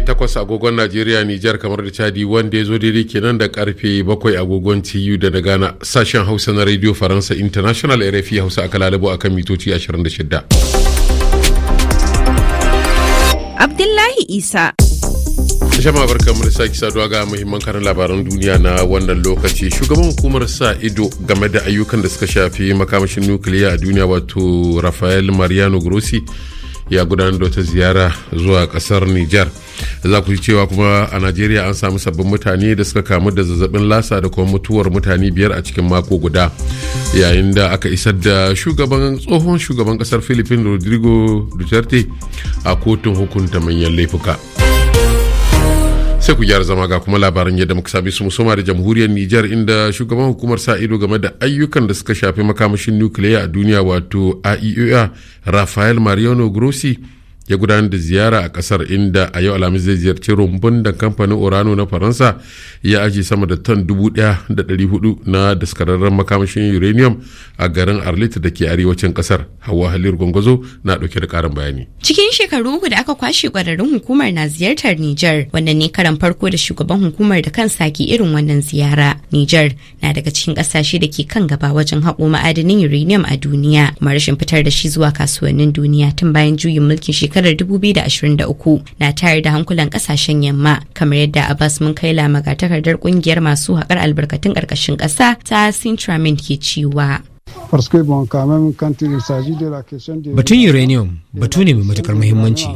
karfe 8 agogon Najeriya Nijar kamar da Chadi wanda ya zo daidai kenan da karfe bakwai agogon TU da na Ghana sashen Hausa na Radio Faransa International RFI Hausa aka lalabo akan mitoci 26. Abdullahi Isa Jama'a barkanmu da sake saduwa ga muhimman karin labaran duniya na wannan lokaci. Shugaban hukumar sa ido game da ayyukan da suka shafi makamashin nukiliya a duniya wato Rafael Mariano Grossi ya gudanar da wata ziyara zuwa kasar Nijar. Za ku ji cewa kuma a Najeriya an samu sabbin mutane da suka kamu da zazzabin lasa da kuma mutuwar mutane biyar a cikin mako guda. Yayin da aka isar da shugaban tsohon shugaban kasar Philippines Rodrigo Duterte a kotun hukunta manyan laifuka. sai ku gyara zama ga kuma labaran yadda muka same su musoma da jamhuriyar Nijar inda shugaban hukumar sa ido game da ayyukan da suka shafi makamashin nukiliya a duniya wato IAEA e Rafael Mariano Grossi ya gudanar da ziyara a kasar inda a yau alhamis zai ziyarci rumbun da kamfanin orano na faransa ya aji sama da tan hudu na daskararren makamashin uranium a garin arlita da ke arewacin kasar hawa halir gwangwazo na dauke da karin bayani cikin shekaru uku da aka kwashe kwararrun hukumar na ziyartar niger wannan ne karan farko da shugaban hukumar da kan saki irin wannan ziyara niger na daga cikin kasashe da ke kan gaba wajen hako ma'adanin uranium a duniya kuma rashin fitar da shi zuwa kasuwannin duniya tun bayan juyin mulkin shekaru shekarar 2023 na tayar da hankulan kasashen yamma kamar yadda a bas Abbas lamaga takardar kungiyar masu haƙar albarkatun ƙarƙashin ƙasa ta Sintramin ke cewa. Batun uranium batu ne mai matukar muhimmanci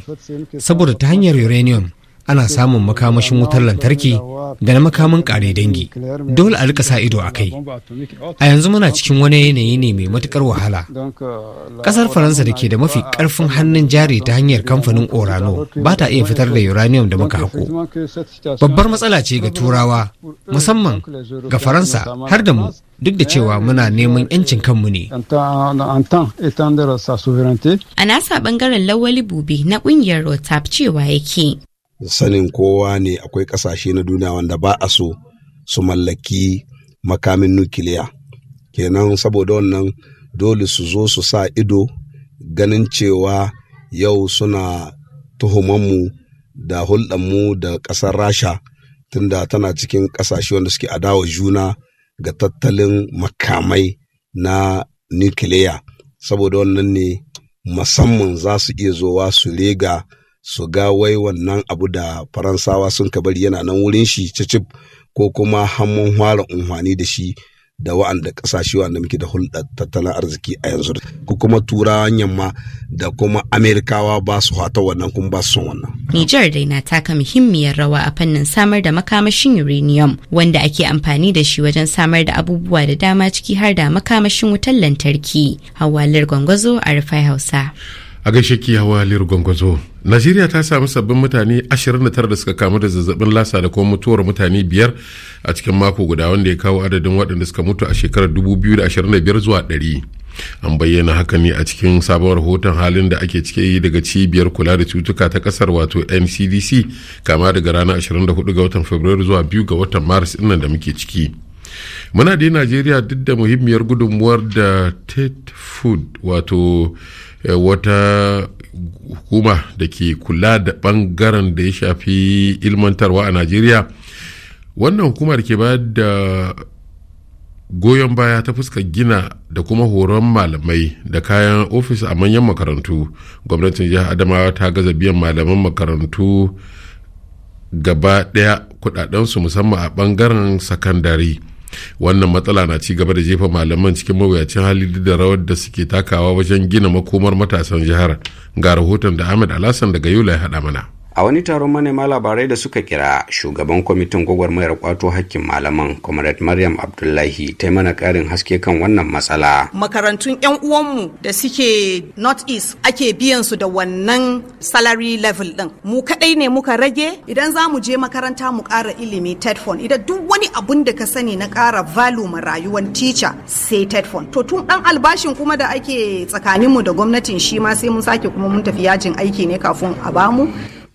saboda ta hanyar uranium ana samun makamashin wutar lantarki da na makamin ƙare dangi dole a rika sa ido a kai a yanzu muna cikin wani yanayi ne mai matukar wahala ƙasar faransa da ke da mafi ƙarfin hannun jari ta hanyar kamfanin orano ba ta iya fitar da uranium da muka hako babbar matsala ce ga turawa musamman ga faransa har da mu duk da cewa muna neman 'yancin kanmu ne. A nasa ɓangaren lawali bube na ƙungiyar Rotap cewa yake. sanin kowa ne akwai ƙasashe na duniya wanda ba a so su mallaki makamin nukiliya kenan saboda wannan dole su zo su sa ido ganin cewa yau suna tuhumanmu da hulɗanmu da ƙasar rasha tunda tana cikin ƙasashe wanda suke adawa juna ga tattalin makamai na nukiliya saboda wannan ne musamman za su iya zowa su rega su ga wai wannan abu da faransawa sun ka bari yana nan wurin shi cicip ko kuma hannun hwara unhwani da shi da wa'anda kasashe wa'anda muke da hulɗar tattalin arziki a yanzu ko kuma turawan yamma da kuma amerikawa ba su hata wannan kuma ba su son wannan. Nijar dai na taka muhimmiyar rawa a fannin samar da makamashin uranium wanda ake amfani da shi wajen samar da abubuwa da dama ciki har da makamashin wutar lantarki. Hawalar gwangwazo a Rufai Hausa. a gaishe kiyawa lir najeriya ta samu sabbin mutane 29 da suka kamu da zazzabin lasa da kuma mutuwar mutane biyar a cikin mako guda wanda ya kawo adadin waɗanda suka mutu a shekarar 2025 zuwa 100 an bayyana haka ne a cikin sabon rahoton halin da ake cike daga cibiyar kula da cutuka ta kasar wato ncdc kama daga ranar 24 ga watan fabrairu zuwa 2 ga watan maris ɗin da muke ciki muna da najeriya duk da muhimmiyar gudunmuwar da tate food wato Eh, wata hukuma da ke kula da bangaren da ya shafi ilmantarwa a najeriya wannan hukumar ke ba da goyon baya ta fuskar gina da kuma horon malamai da kayan ofis a manyan makarantu gwamnatin jihar adamawa ta gaza biyan malaman makarantu gaba daya kudadensu musamman a bangaren sakandare wannan matsala na ci gaba da jefa malaman cikin mawuyacin hali da rawar da suke takawa wajen gina makomar matasan jihar ga rahoton da ahmed alhassan daga yola ya haɗa mana a wani taron manema labarai da suka kira shugaban kwamitin gwagwarmayar kwato hakkin malaman comrade maryam abdullahi ta mana karin haske kan wannan matsala makarantun yan uwanmu da suke north east ake biyan su da wannan salary level din mu kadai ne muka rage idan za mu je makaranta mu kara ilimi tedfon idan duk wani abun da ka sani na kara valu ma rayuwar teacher sai tedfon to tun dan albashin kuma da ake tsakaninmu da gwamnatin shi ma sai mun sake kuma mun tafi yajin aiki ne kafin a bamu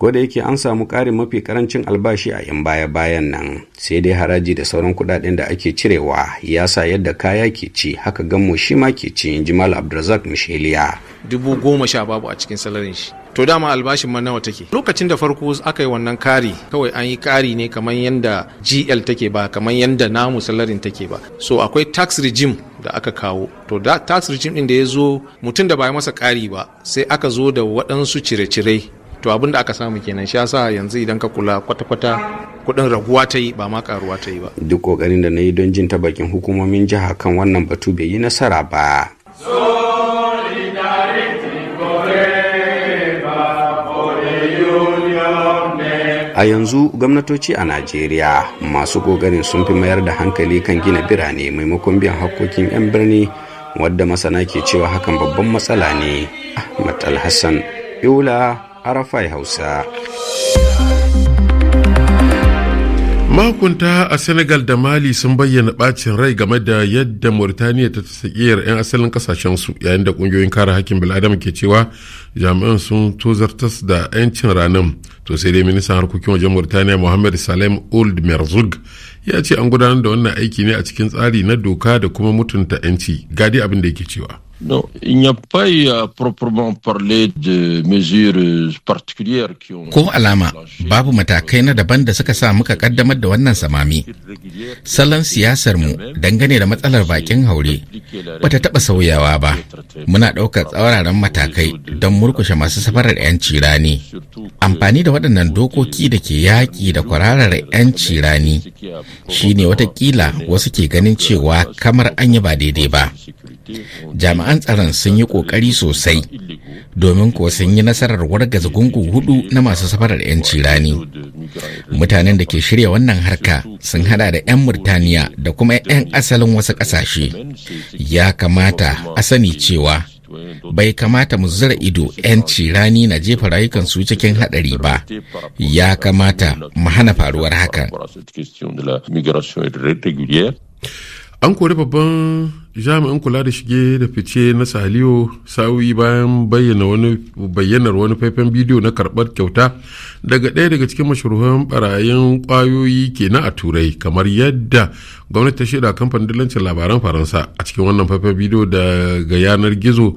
ko da yake an samu ƙarin mafi karancin albashi a 'yan baya-bayan nan sai dai haraji da sauran kudaden da ake cirewa ya sa yadda kaya ke ci haka gammo shi ma ke ci in mal abdulrazak misheliya dubu goma sha babu a cikin salarin shi to dama albashin ma nawa take lokacin da farko aka yi wannan kari kawai an yi kari ne kamar yadda gl take ba kamar yadda namu salarin take ba so akwai tax regime da aka kawo to da tax regime din da ya zo mutum da ba masa kari ba sai aka zo da waɗansu cire-cire to abin da aka samu kenan shi yasa yanzu idan ka kula kwata-kwata kudin raguwa ta yi ba ma karuwa ta yi ba duk kokarin da na yi don jin ta bakin hukumomin jiha kan wannan batu bai yi nasara ba a yanzu gwamnatoci a najeriya masu kokarin sun fi mayar da hankali kan gina birane maimakon biyan hakkokin 'yan birni wadda masana ke cewa hakan babban matsala ne ahmad alhassan yola arafai hausa mahukunta a senegal da mali sun bayyana bacin rai game da yadda mauritaniya ta tsakiyar 'yan asalin kasashen su yayin da kungiyoyin kare hakkin bil'adama ke cewa jami'an sun tozartas da 'yancin ranar to sai dai ministan harkokin wajen mauritaniya mohamed salem old merzug ya ce an gudanar da wannan aiki ne a cikin tsari na doka da kuma mutunta 'yanci gadi abin da yake cewa Non, il n'y a pas eu à proprement parler de mesures particulières qui ont... Ko alama, babu matakai na daban da suka sa muka kaddamar da wannan samami. Salon siyasarmu dangane da matsalar bakin haure bata taɓa sauyawa ba. Muna ɗaukar tsauraran matakai don murkushe masu safarar 'yanci rani. Amfani da waɗannan dokoki da ke yaƙi da kwararar 'yanci rani shine watakila wasu ke ganin cewa kamar an yi ba daidai ba. Jami'an jami'an tsaron sun yi ƙoƙari sosai domin kuwa sun yi nasarar wargaza gungu hudu na masu safarar 'yanci rani mutanen da ke shirya wannan harka sun hada da 'yan murtaniya da kuma 'yan asalin wasu ƙasashe ya kamata a sani cewa bai kamata mu zura ido 'yanci rani na jefa rayukansu cikin haɗari ba ya kamata mu hana faruwar hakan an kori babban jami'in kula da shige da fice na saliyo sa'o'i bayan bayyana wani bayyanar wani faifan bidiyo na karbar kyauta daga ɗaya daga cikin masharuhan barayin kwayoyi ke na a turai kamar yadda gwamnati ta shaida kamfanin dillancin labaran faransa a cikin wannan faifan bidiyo daga yanar gizo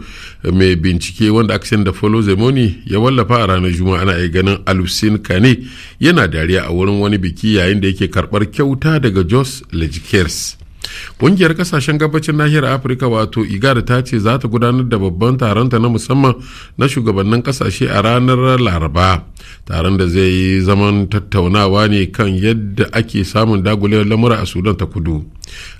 mai bincike wanda aka da follow zemoni ya wallafa a ranar juma'a ana iya ganin alusin kane yana dariya a wurin wani biki yayin da yake karɓar kyauta daga jos lejikers kungiyar kasashen gabacin nahiyar afirka wato igad ta ce za ta gudanar da babban taronta na musamman na shugabannin kasashe a ranar laraba taron da zai yi zaman tattaunawa ne kan yadda ake samun dagulewar lamura a sudan ta kudu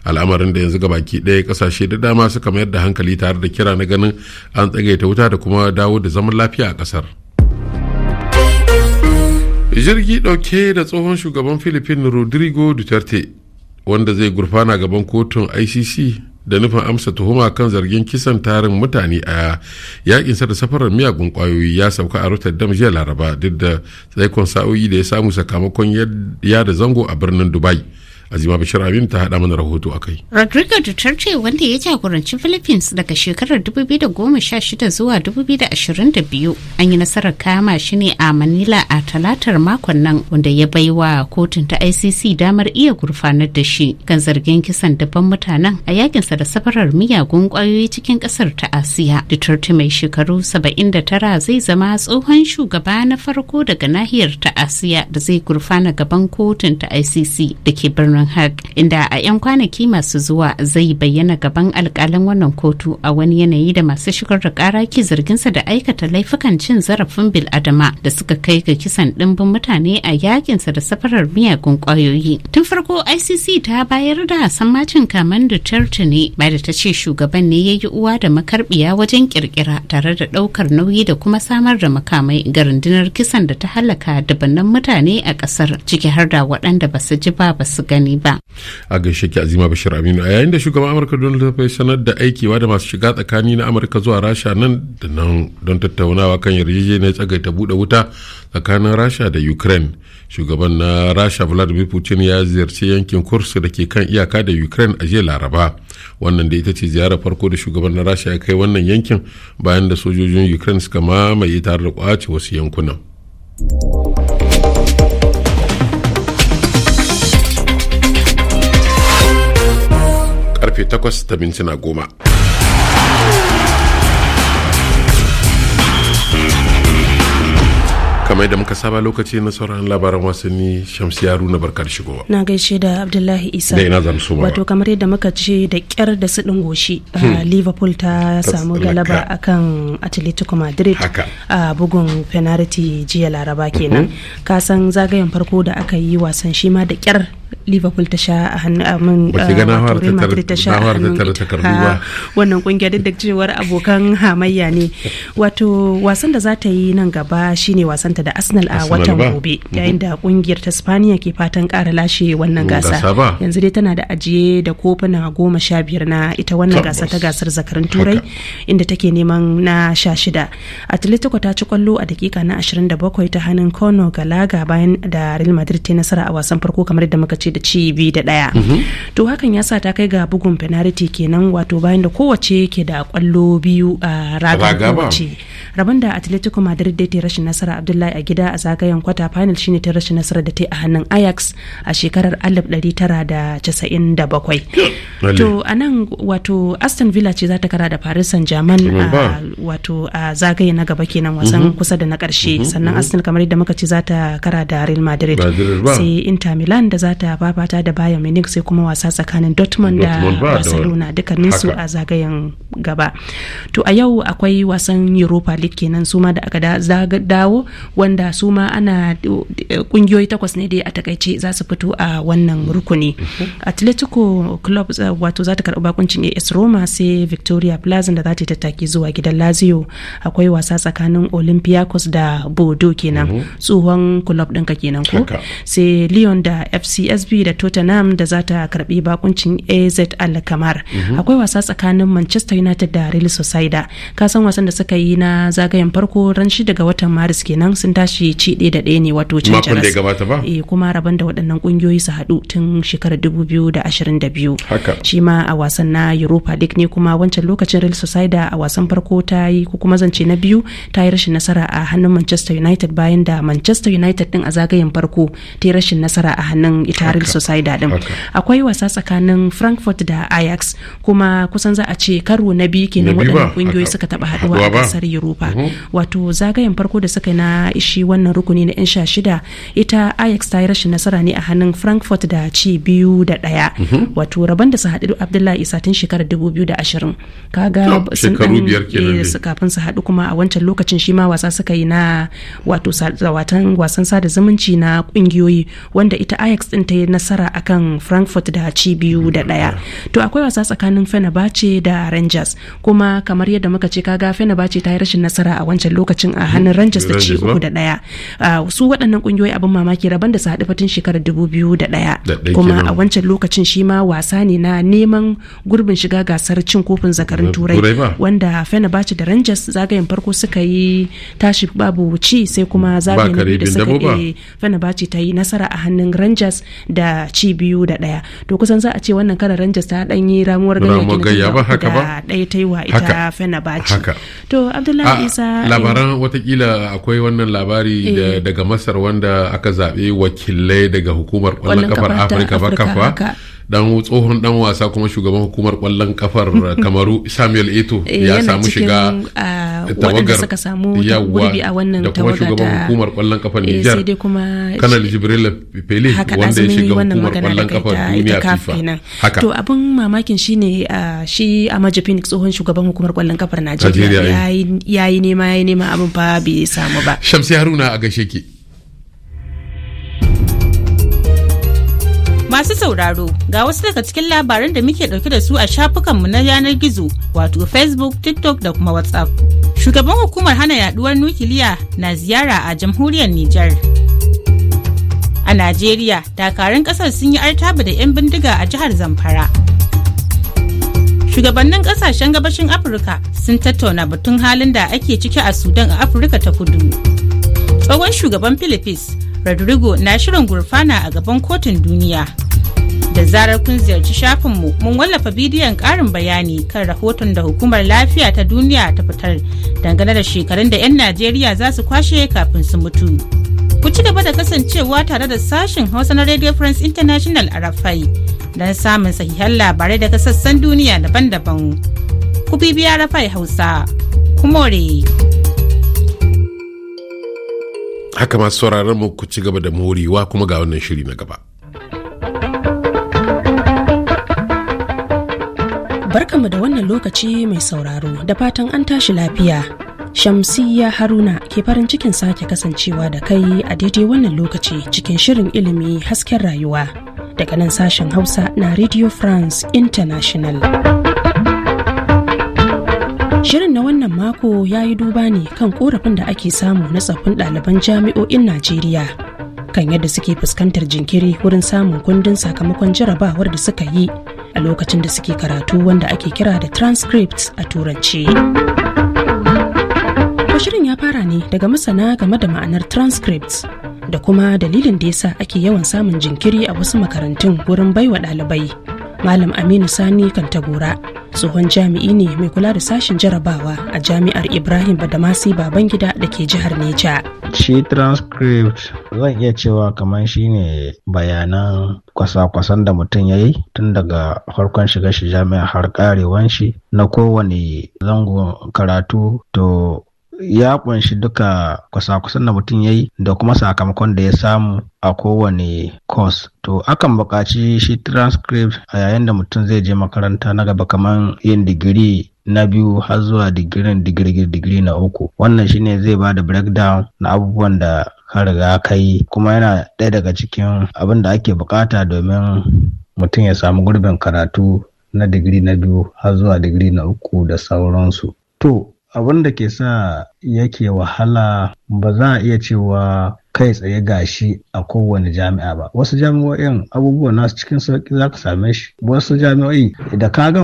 al'amarin da yanzu gabaki ɗaya kasashe da dama suka mayar da hankali tare da kira na ganin an tsagaita wuta da kuma dawo da zaman lafiya a ƙasar. jirgi ɗauke da tsohon shugaban filipin rodrigo duterte wanda zai gurfana gaban kotun icc da nufin amsa tuhuma kan zargin kisan tarin mutane a yakinsa da safarar miyagun kwayoyi ya sauka a rotterdam jiya laraba duk da tsaikon sa'o'i da ya samu sakamakon yada zango a birnin dubai azima bashir abin ta haɗa mana rahoto a kai rodrigo duterte wanda ya jagoranci philippines daga shekarar 2016 zuwa 2022 an yi nasarar kama shi ne a manila a talatar makon nan wanda ya bai wa kotun ta icc damar iya gurfanar da shi kan zargin kisan dabban mutanen a yakinsa da safarar miyagun kwayoyi cikin kasar ta asiya duterte mai shekaru 79 zai zama tsohon shugaba na farko daga nahiyar ta asiya da zai gurfana gaban kotun ta icc da ke birnin Harun Haq inda a 'yan kwanaki masu zuwa zai bayyana gaban alkalin wannan kotu a wani yanayi da masu shigar da kara ke zarginsa da aikata laifukan cin zarafin bil'adama da suka kai ga kisan dimbin mutane a yakinsa da safarar miyagun kwayoyi. Tun farko ICC ta bayar da sammacin kaman Duterte ne bai da ta ce shugaban ne ya yi uwa da makarbiya wajen kirkira tare da ɗaukar nauyi da kuma samar da makamai ga rundunar kisan da ta halaka dubannan mutane a kasar ciki har da waɗanda ba su ji ba ba su gani amfani ba. A gaishe ki Azima Bashir Aminu a yayin da shugaban Amurka Donald Trump ya sanar da aikewa da masu shiga tsakani na Amurka zuwa Rasha nan da nan don tattaunawa kan yarjejeniyar tsagaita bude wuta tsakanin Rasha da Ukraine. Shugaban na Rasha Vladimir Putin ya ziyarci yankin Kurs da ke kan iyaka da Ukraine a jiya Laraba. Wannan da ita ce ziyarar farko da shugaban na Rasha ya kai wannan yankin bayan da sojojin Ukraine suka mamaye tare da kwace wasu yankunan. karfe takwas da mintuna goma. kamar da muka saba lokaci na sauran labaran wasanni shamsi na barkar shigowa na gaishe da abdullahi isa da ina zamsu ba wato kamar yadda muka ce da kyar da su goshi hmm. liverpool ta samu galaba a kan atletico madrid a bugun penalty jiya laraba kenan mhm. kasan zagayen farko da aka yi wasan shi ma da kyar liverpool ta sha a hannun ta sha a hannun ah, wannan kungiya da cewar abokan hamayya ne wato wasan da za ta yi nan gaba shine wasan ta da arsenal a watan gobe mhm. yayin da kungiyar ta spaniya ke fatan kara lashe wannan gasa yanzu dai tana da ajiye da kofuna goma sha biyar na ita wannan gasa ta gasar zakarin turai inda take neman na sha shida atletico ta ci kwallo a dakika na 27 ta hannun conor galaga bayan da real madrid ta nasara a wasan farko kamar da muka ce da ci biyu da ɗaya mhm. to hakan ya sa ta kai ga bugun penalty kenan wato bayan da kowace ke da kwallo biyu a ragar da atletico madrid da ta rashin nasara abdullahi a gida a zagayen kwata final shine ta rashin nasara da ta a hannun ajax a shekarar 1997 to a nan wato aston villa ce za ta kara da paris saint germain wato a zagaye na gaba kenan mhm. wasan kusa da na karshe mhm. sannan aston kamar yadda muka ce za ta kara da real madrid sai inter milan da za ta da babata da bayan Munich sai kuma wasa tsakanin Dortmund da Barcelona dukkanin su a zagayen gaba to a yau akwai wasan Europa League kenan su ma da aka dawo wanda su ma ana eh, kungiyoyi takwas ne dai a takaice za su fito a wannan rukuni mhm. Atletico Club eh, wato za ta karɓi bakuncin AS Roma sai Victoria Plaza da za ta tattaki zuwa gidan Lazio akwai wasa tsakanin Olympiacos da Bodo kenan mhm. tsohon club ɗinka kenan ko sai Lyon da FCS psv da tottenham da za ta karbi bakuncin az al mhm. akwai wasa tsakanin manchester united da real sociedad kasan wasan da suka yi na zagayen farko ran shi daga watan maris kenan sun tashi ci ɗaya da ɗaya ne wato Eh kuma rabon da waɗannan ƙungiyoyi su haɗu tun shekarar 2022 shi ma a wasan na europa league ne kuma wancan lokacin real sociedad a wasan farko ta yi ko kuma zance na biyu ta yi rashin nasara a hannun manchester united bayan da manchester united din a zagayen farko ta yi rashin nasara a hannun ita Charles society din akwai wasa tsakanin frankfurt da ajax kuma kusan za a ce karo na biyu kenan waɗannan kungiyoyi suka taba haduwa a kasar europa mhm. wato zagayen farko da suka na ishi wannan rukuni na yan sha shida ita ajax ta yi rashin nasara ne a hannun frankfurt da ci biyu da ɗaya mhm. wato rabon da su haɗu abdullahi isa tun shekarar dubu biyu da ashirin kaga sun ɗan kafin su haɗu kuma a wancan lokacin shi ma wasa suka yi na wato wasan sada zumunci na ƙungiyoyi wanda ita ajax ɗin ta yi nasara akan frankfurt da ci biyu da mm, ɗaya to akwai wasa tsakanin fenerbahce da rangers kuma kamar yadda muka ce kaga fenerbahce ta yi rashin nasara a wancan lokacin a hannun mm, rangers da ci uku da ɗaya ah, su waɗannan kungiyoyi abin mamaki rabon da su haɗu fatin shekarar dubu biyu da ɗaya kuma a wancan lokacin shi ma wasa ne na neman gurbin shiga gasar cin kofin zakarin turai wanda fenerbahce da rangers zagayen farko suka yi tashi babu ci sai kuma zagayen da suka yi eh, fenerbahce ta yi nasara a hannun rangers da ci biyu da ɗaya to kusan za a ce wannan kalar rangers ta dan yi ramuwar gayya ba haka ba ɗaya ta yi wa ita fenerbahce to abdullahi isa eh, labaran watakila akwai wannan labari eh. daga masar wanda aka zaɓe wakilai daga hukumar kwallon kafar afirka ba kafa dan tsohon dan wasa kuma shugaban hukumar kwallon kafar kamaru samuel eto eh, ya samu shiga ah, tawagar suka samu a wannan da kuma shugaban hukumar kwallon kafar eh, nijar kanal jibril pele wanda ya shiga hukumar kwallon kafar duniya fifa haka to abin mamakin shine shi a ah, majafin phoenix tsohon shugaban hukumar kwallon kafar najeriya eh. yi nema yi nema abin fa bai samu ba shamsi haruna a gaishe ki Masu sauraro ga wasu daga cikin labaran da muke ɗauke da su a shafukanmu na yanar gizo wato Facebook, TikTok da kuma WhatsApp. Shugaban hukumar hana yaduwar nukiliya na ziyara a jamhuriyar Nijar. A Najeriya, dakarun ƙasar sun yi artaba da 'yan bindiga a jihar Zamfara. Shugabannin ƙasashen gabashin Afirka sun tattauna batun halin da ake ciki a Sudan a Afirka ta kudu. Tsohon shugaban Philippines, Rodrigo na shirin gurfana a gaban kotun duniya. da zarar kun ziyarci shafinmu mun wallafa bidiyon karin bayani kan rahoton da hukumar lafiya ta duniya ta fitar dangane da shekarun da 'yan najeriya za su kwashe kafin su mutu ku ci gaba da kasancewa tare da sashen hausa na radio france international a rafai don samun sahihan labarai daga sassan duniya daban-daban ku bibiya rafai hausa kumore haka masu sauraron mu ku ci gaba da morewa kuma ga wannan shiri na gaba Barkamu da wannan lokaci mai sauraro da fatan an tashi lafiya. Shamsiyya Haruna ke farin cikin sake kasancewa da kai a daidai wannan lokaci cikin shirin ilimi hasken rayuwa daga nan sashen Hausa na Radio France International. Shirin na wannan mako ya yi duba ne kan korafin da ake samu na tsaffin ɗaliban jami'o'in Najeriya kan yadda suke fuskantar jinkiri wurin samun kundin sakamakon jarabawar da suka yi a lokacin da suke karatu wanda ake kira da transcripts a turanci. shirin ya fara ne daga masana game da ma'anar transcripts da kuma dalilin da yasa ake yawan samun jinkiri a wasu makarantun wurin baiwa ɗalibai. Malam Aminu Sani kan tagora, tsohon jami'i ne mai kula da sashen jarabawa a jami'ar Ibrahim Badamasi Babangida da ke jihar Neja. shi transcript zan iya cewa kamar ne bayanan kwasa-kwasan da mutum ya yi tun daga farkon shiga shi jami'a har karewan shi na kowane zango karatu to ya kunshi duka kwasa-kwasan da mutum ya yi da kuma sakamakon da ya samu a kowane course to akan buƙaci shi transcript a yayin da mutum zai je makaranta na gaba kamar yin digiri na biyu har zuwa digirin digiri digiri na uku wannan shine zai ba da breakdown na abubuwan da ka riga ka yi kuma yana ɗaya daga cikin abin da ake bukata domin mutum ya samu gurbin karatu na digiri na biyu har zuwa digiri na uku da sauransu to abin da ke sa yake wahala ba za a iya cewa kai tsaye gashi a kowane jami'a ba wasu jami'o'in abubuwan nasu cikin sauki za ka same shi wasu jami'o'i da ka ga